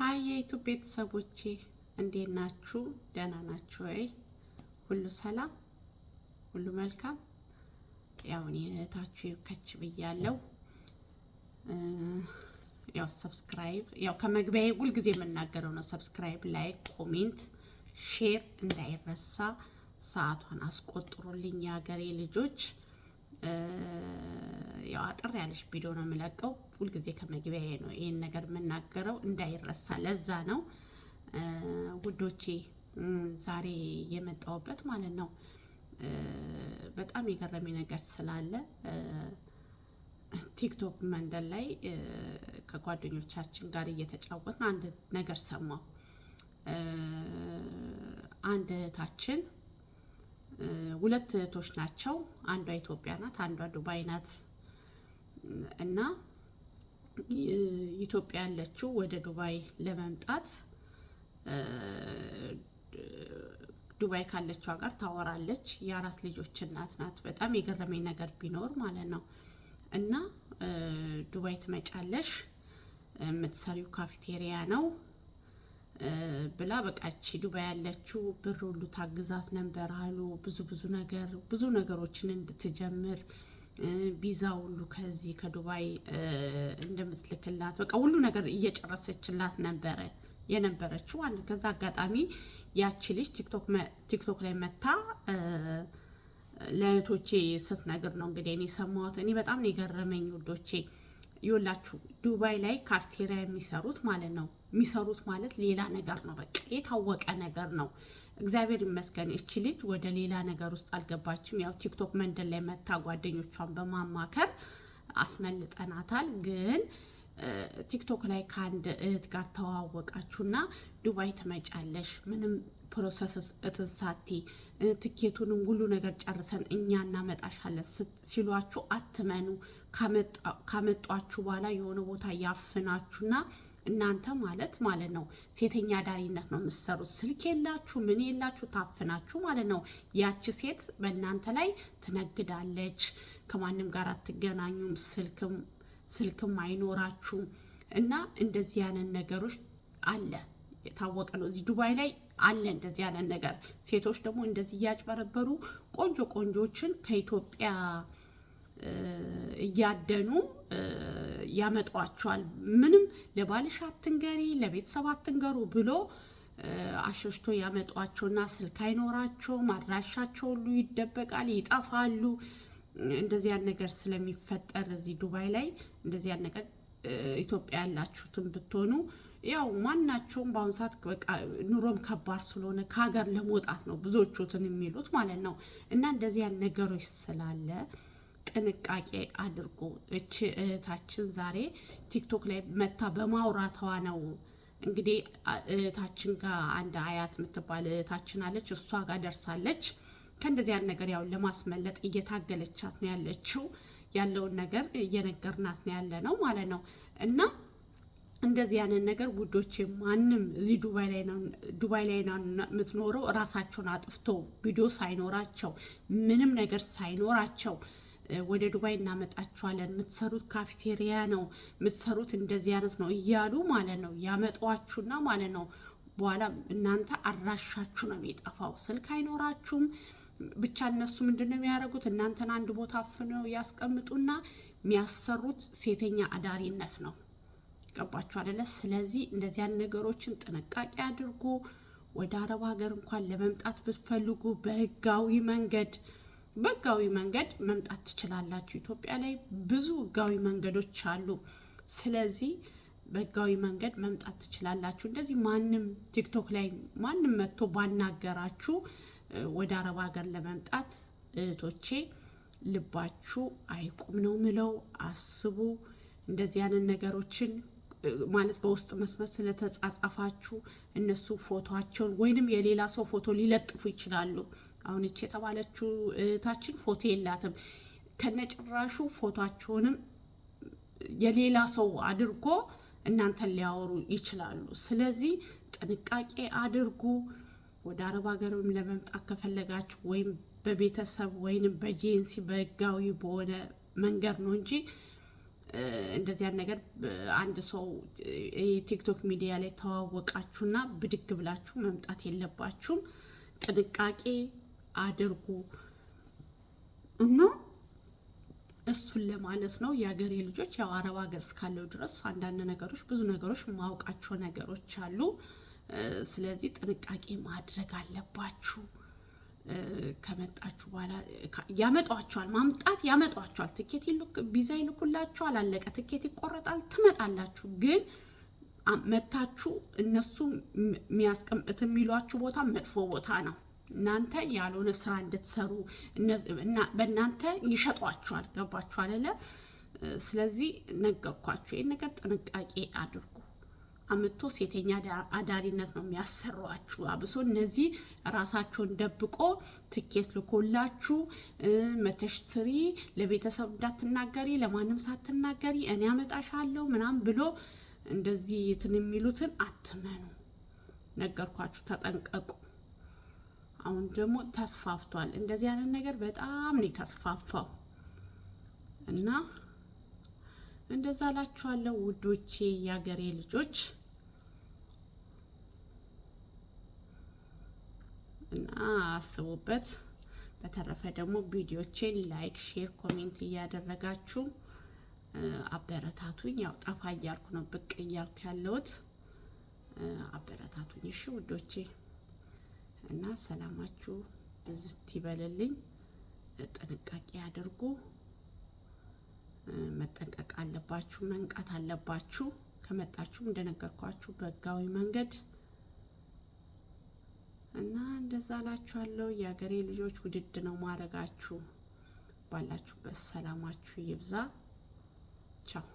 ሀይ የዩቱብ ቤተሰቦቼ እንዴት ናችሁ? ደህና ናችሁ ወይ? ሁሉ ሰላም፣ ሁሉ መልካም። ያው እኔ እህታችሁ ከች ብያለሁ። ያው ሰብስክራይብ ያው ከመግቢያዬ ሁልጊዜ የምናገረው ነው። ሰብስክራይብ፣ ላይክ፣ ኮሜንት፣ ሼር እንዳይረሳ። ሰዓቷን አስቆጥሩልኝ የሀገሬ ልጆች። ያው አጥር ያለሽ ቪዲዮ ነው የምለቀው ሁልጊዜ ከመግቢያዬ ነው ይህን ነገር የምናገረው እንዳይረሳ ለዛ ነው ውዶቼ ዛሬ የመጣውበት ማለት ነው በጣም የገረመኝ ነገር ስላለ ቲክቶክ መንደር ላይ ከጓደኞቻችን ጋር እየተጫወትን አንድ ነገር ሰማሁ አንድ እህታችን ሁለት እህቶች ናቸው። አንዷ ኢትዮጵያ ናት፣ አንዷ ዱባይ ናት። እና ኢትዮጵያ ያለችው ወደ ዱባይ ለመምጣት ዱባይ ካለችው ጋር ታወራለች። የአራት ልጆች እናት ናት። በጣም የገረመኝ ነገር ቢኖር ማለት ነው እና ዱባይ ትመጫለሽ፣ የምትሰሪው ካፍቴሪያ ነው ብላ እቺ ዱባይ ያለችው ብር ሁሉ ታግዛት ነበር አሉ። ብዙ ብዙ ነገር ብዙ ነገሮችን እንድትጀምር ቪዛ ሁሉ ከዚህ ከዱባይ እንደምትልክላት በቃ ሁሉ ነገር እየጨረሰችላት ነበረ የነበረችው አንድ ከዛ አጋጣሚ ያቺ ልጅ ቲክቶክ ላይ መታ ለእህቶቼ ስትነግር ነው እንግዲህ እኔ ሰማሁት። እኔ በጣም ነው የገረመኝ ውዶቼ ይወላችሁ ዱባይ ላይ ካፍቴሪያ የሚሰሩት ማለት ነው። የሚሰሩት ማለት ሌላ ነገር ነው። በቃ የታወቀ ነገር ነው። እግዚአብሔር ይመስገን እቺ ልጅ ወደ ሌላ ነገር ውስጥ አልገባችም። ያው ቲክቶክ መንደር ላይ መታ ጓደኞቿን በማማከር አስመልጠናታል ግን ቲክቶክ ላይ ከአንድ እህት ጋር ተዋወቃችሁና ዱባይ ትመጫለሽ ምንም ፕሮሰስ እትሳቲ ትኬቱንም ሁሉ ነገር ጨርሰን እኛ እናመጣሻለን ሲሏችሁ አትመኑ። ካመጧችሁ በኋላ የሆነ ቦታ ያፍናችሁና እናንተ ማለት ማለት ነው ሴተኛ ዳሪነት ነው የምትሰሩት። ስልክ የላችሁ ምን የላችሁ ታፍናችሁ ማለት ነው። ያቺ ሴት በእናንተ ላይ ትነግዳለች። ከማንም ጋር አትገናኙም። ስልክም ስልክም አይኖራችሁም እና እንደዚህ ያለን ነገሮች አለ የታወቀ ነው። እዚህ ዱባይ ላይ አለ እንደዚህ ያለን ነገር። ሴቶች ደግሞ እንደዚህ እያጭበረበሩ ቆንጆ ቆንጆችን ከኢትዮጵያ እያደኑ ያመጧቸዋል። ምንም ለባልሽ አትንገሪ፣ ለቤተሰብ አትንገሩ ብሎ አሸሽቶ ያመጧቸውና ስልክ አይኖራቸውም። አድራሻቸው ሁሉ ይደበቃል፣ ይጠፋሉ። እንደዚህ ነገር ስለሚፈጠር እዚህ ዱባይ ላይ እንደዚህ ነገር ኢትዮጵያ ያላችሁትን ብትሆኑ ያው ማናቸውም በአሁኑ ሰዓት በቃ ኑሮም ከባድ ስለሆነ ከሀገር ለመውጣት ነው ብዙዎቹትን የሚሉት ማለት ነው። እና እንደዚህ ነገሮች ስላለ ጥንቃቄ አድርጎ እች እህታችን ዛሬ ቲክቶክ ላይ መታ በማውራቷ ነው እንግዲህ እህታችን ጋር አንድ አያት የምትባል እህታችን አለች። እሷ ጋር ደርሳለች። ከእንደዚህ ያለ ነገር ያው ለማስመለጥ እየታገለቻት ነው ያለችው። ያለውን ነገር እየነገርናት ነው ያለ ነው ማለት ነው እና እንደዚህ ያንን ነገር ውዶች፣ ማንም እዚህ ዱባይ ላይ ነው የምትኖረው እራሳቸውን አጥፍቶ ቪዲዮ ሳይኖራቸው ምንም ነገር ሳይኖራቸው ወደ ዱባይ እናመጣችኋለን፣ የምትሰሩት ካፍቴሪያ ነው የምትሰሩት እንደዚህ አይነት ነው እያሉ ማለት ነው ያመጧችሁና ማለት ነው በኋላ እናንተ አራሻችሁ ነው የሚጠፋው። ስልክ አይኖራችሁም። ብቻ እነሱ ምንድን ነው የሚያደርጉት? እናንተን አንድ ቦታ አፍነው ያስቀምጡና የሚያሰሩት ሴተኛ አዳሪነት ነው። ገባችሁ አደለ? ስለዚህ እንደዚያን ነገሮችን ጥንቃቄ አድርጉ። ወደ አረብ ሀገር እንኳን ለመምጣት ብትፈልጉ በህጋዊ መንገድ በህጋዊ መንገድ መምጣት ትችላላችሁ። ኢትዮጵያ ላይ ብዙ ህጋዊ መንገዶች አሉ። ስለዚህ በህጋዊ መንገድ መምጣት ትችላላችሁ። እንደዚህ ማንም ቲክቶክ ላይ ማንም መጥቶ ባናገራችሁ ወደ አረብ ሀገር ለመምጣት እህቶቼ ልባችሁ አይቁም ነው ምለው። አስቡ። እንደዚህ ያንን ነገሮችን ማለት በውስጥ መስመር ስለተጻጻፋችሁ እነሱ ፎቶቸውን ወይንም የሌላ ሰው ፎቶ ሊለጥፉ ይችላሉ። አሁን ይቺ የተባለችው እህታችን ፎቶ የላትም። ከነጭራሹ ፎቶቸውንም የሌላ ሰው አድርጎ እናንተን ሊያወሩ ይችላሉ። ስለዚህ ጥንቃቄ አድርጉ። ወደ አረብ ሀገርም ለመምጣት ከፈለጋችሁ ወይም በቤተሰብ ወይም በጄንሲ በህጋዊ በሆነ መንገድ ነው እንጂ እንደዚያን ነገር አንድ ሰው የቲክቶክ ሚዲያ ላይ ተዋወቃችሁና ብድግ ብላችሁ መምጣት የለባችሁም። ጥንቃቄ አድርጉ እና እሱን ለማለት ነው። የሀገሬ ልጆች ያው አረብ ሀገር እስካለው ድረስ አንዳንድ ነገሮች ብዙ ነገሮች ማውቃቸው ነገሮች አሉ። ስለዚህ ጥንቃቄ ማድረግ አለባችሁ። ከመጣችሁ በኋላ ያመጧችኋል፣ ማምጣት ያመጧችኋል። ትኬት ቢዛ ይልኩላችኋል፣ አለቀ። ትኬት ይቆረጣል፣ ትመጣላችሁ። ግን መታችሁ እነሱ የሚያስቀምጥ የሚሏችሁ ቦታ መጥፎ ቦታ ነው። እናንተ ያልሆነ ስራ እንድትሰሩ በእናንተ ይሸጧችኋል። ገባችሁ አይደለ? ስለዚህ ነገርኳችሁ፣ ይህን ነገር ጥንቃቄ አድርጉ። አምቶ ሴተኛ አዳሪነት ነው የሚያሰሯችሁ። አብሶ እነዚህ ራሳቸውን ደብቆ ትኬት ልኮላችሁ መተሽ ስሪ፣ ለቤተሰብ እንዳትናገሪ፣ ለማንም ሳትናገሪ እኔ አመጣሻለሁ ምናምን ብሎ እንደዚህ እንትን የሚሉትን አትመኑ። ነገርኳችሁ፣ ተጠንቀቁ። አሁን ደግሞ ተስፋፍቷል። እንደዚህ አይነት ነገር በጣም ነው የተስፋፋው እና እንደዛ ላችኋለሁ ውዶቼ፣ የአገሬ ልጆች እና አስቡበት። በተረፈ ደግሞ ቪዲዮቼን ላይክ፣ ሼር፣ ኮሜንት እያደረጋችሁ አበረታቱኝ። ያው ጠፋ እያልኩ ነው ብቅ እያልኩ ያለሁት አበረታቱኝ። እሺ ውዶቼ እና ሰላማችሁ ብዝት ይበልልኝ። ጥንቃቄ አድርጉ። መጠንቀቅ አለባችሁ፣ መንቃት አለባችሁ። ከመጣችሁም እንደነገርኳችሁ በህጋዊ መንገድ እና እንደዛ ላችኋለሁ። የሀገሬ ልጆች ውድድ ነው ማድረጋችሁ። ባላችሁበት ሰላማችሁ ይብዛ። ቻው